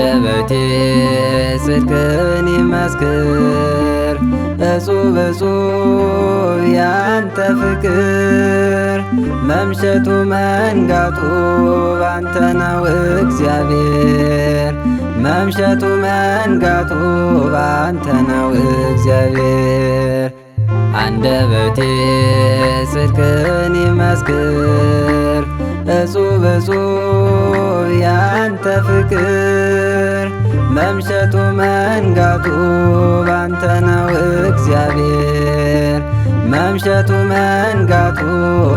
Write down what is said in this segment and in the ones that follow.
አንደበቴ ጽድቅን ይመስክር እጹብ እጹብ ያንተ ፍቅር መምሸቱ መንጋቱ ባንተ ነው እግዚአብሔር መምሸቱ መንጋቱ ባንተ ነው እግዚአብሔር አንደበቴ ጽድቅን ይመስክር እጹብ እጹብ ያንተ ፍቅር መምሸቱ መንጋቱ ባንተ ነው እግዚአብሔር መምሸቱ መንጋቱ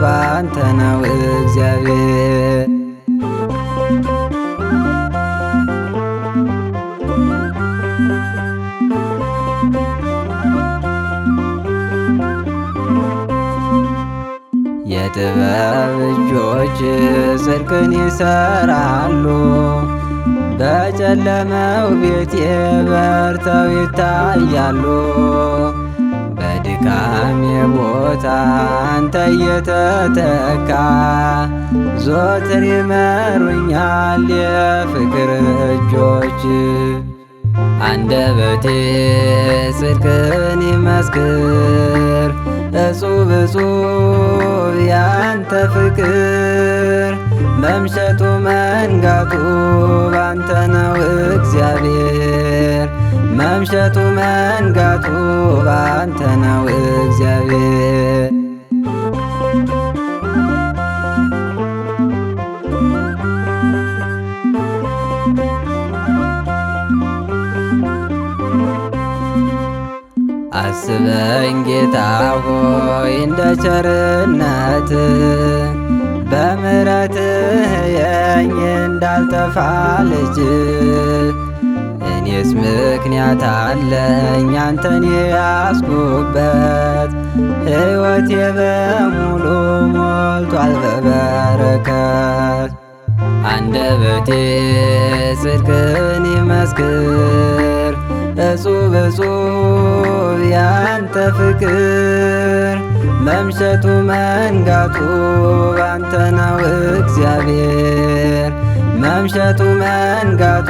ባንተ ነው እግዚአብሔር የጥበብ እጆች ጽድቅን ይሰራሉ። በጨለመው ቤት በርተው ይታያሉ። በድካም የቦታ አንተ እየተተካ ዞትር ይመሩኛል የፍቅር እጆች አንደበቴ ጽድቅን ይመስክር። እጹብ እጹብ ያንተ ፍቅር መምሸቱ መንጋቱ ባንተ ነው እግዚአብሔር መምሸቱ መንጋቱ ባንተ ነው እግዚአብሔር አስበኝ ጌታ ሆይ እንደ ቸርነት በምረትህ የኝ እንዳልጠፋ ልጅ እኔስ ምክንያት አለኝ አንተን ያስኩበት ሕይወቴ በሙሉ ሞልቷል በበረከት አንደበቴ ጽድቅን ይመስክር እጹብ እጹብ ባንተ ፍቅር መምሸቱ መንጋቱ ባንተ ነው እግዚአብሔር መምሸቱ መንጋቱ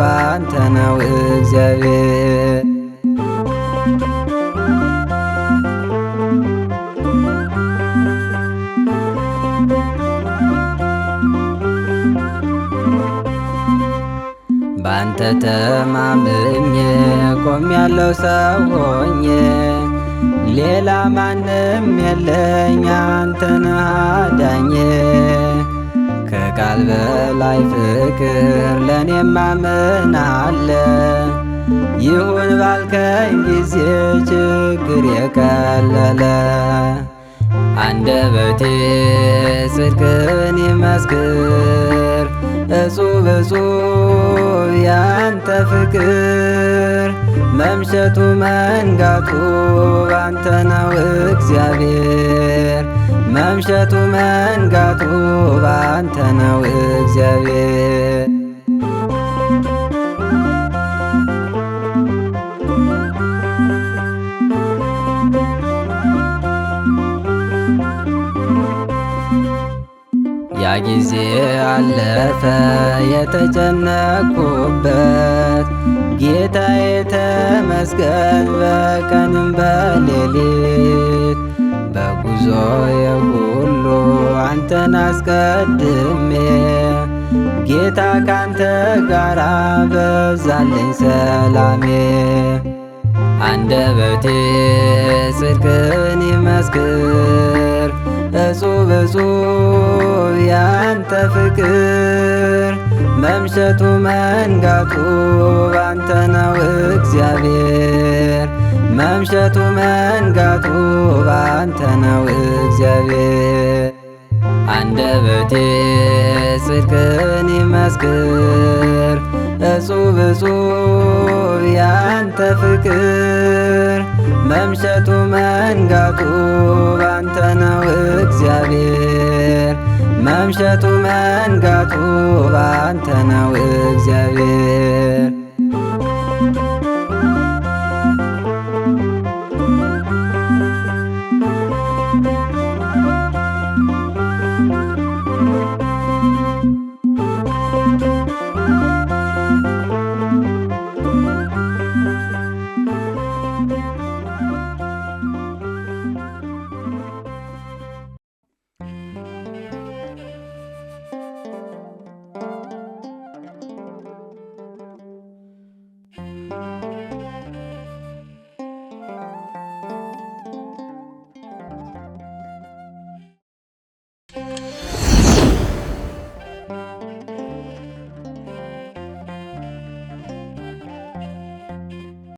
ባንተ ነው እግዚአብሔር ባንተ ተማምኜ ቆም ያለው ሰው ሆኜ ሌላ ማንም የለኝ አንተን አዳኜ ከቃል በላይ ፍቅር ለእኔ ማምን አለ ይሁን ባልከኝ ጊዜ ችግር የቀለለ አንደበቴ ጽድቅን ይመስክር እጹብ እጹብ ያንተ ፍቅር መምሸቱ መንጋቱ ባንተ ነው እግዚአብሔር መምሸቱ መንጋቱ ባንተ ነው እግዚአብሔር ያ ጊዜ አለፈ የተጨነኩበት ጌታዬ ተመስገን በቀንም በሌሊት በጉዞዬ ሁሉ አንተን አስቀድሜ ጌታ ካንተ ጋራ በዛልኝ ሰላሜ አንደበቴ ጽድቅን ይመስክር እጹ ብዙ ያንተ ፍቅር መምሸቱ መንጋቱ ባንተ ነው እግዚአብሔር መምሸቱ መንጋቱ ባንተ ነው እግዚአብሔር አንደበቴ ጽድቅን ይመስክር እጹ ብዙ ያንተ ፍቅር መምሸቱ መንጋቱ ምሕረቱ መንጋቱ ባንተ ነው እግዚአብሔር